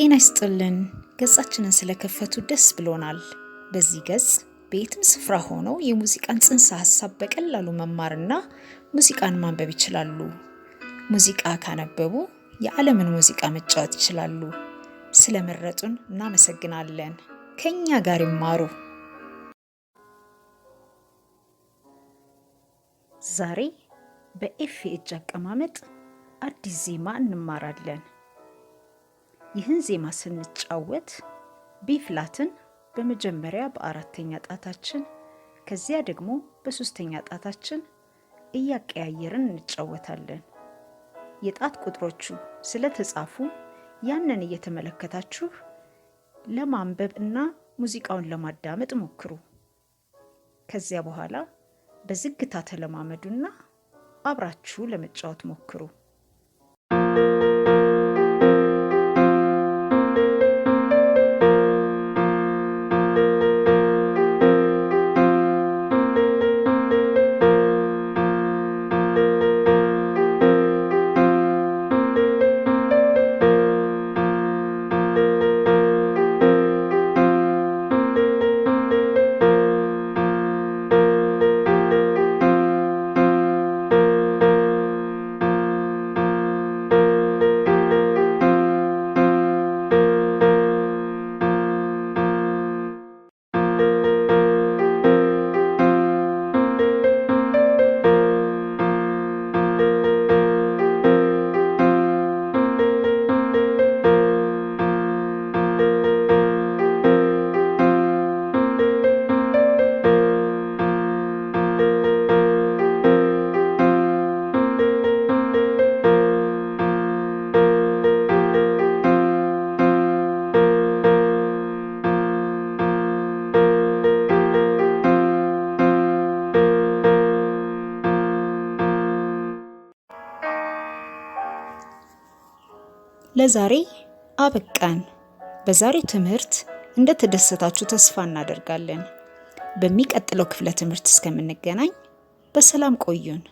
ጤና ይስጥልን። ገጻችንን ስለከፈቱ ደስ ብሎናል። በዚህ ገጽ በየትም ስፍራ ሆነው የሙዚቃን ጽንሰ ሀሳብ በቀላሉ መማርና ሙዚቃን ማንበብ ይችላሉ። ሙዚቃ ካነበቡ የዓለምን ሙዚቃ መጫወት ይችላሉ። ስለመረጡን እናመሰግናለን። ከኛ ጋር ይማሩ። ዛሬ በኤፍ የእጅ አቀማመጥ አዲስ ዜማ እንማራለን። ይህን ዜማ ስንጫወት ቢፍላትን በመጀመሪያ በአራተኛ ጣታችን ከዚያ ደግሞ በሶስተኛ ጣታችን እያቀያየርን እንጫወታለን። የጣት ቁጥሮቹ ስለተጻፉ ያንን እየተመለከታችሁ ለማንበብ እና ሙዚቃውን ለማዳመጥ ሞክሩ። ከዚያ በኋላ በዝግታ ተለማመዱና አብራችሁ ለመጫወት ሞክሩ። ለዛሬ አበቃን። በዛሬው ትምህርት እንደተደሰታችሁ ተስፋ እናደርጋለን። በሚቀጥለው ክፍለ ትምህርት እስከምንገናኝ በሰላም ቆዩን።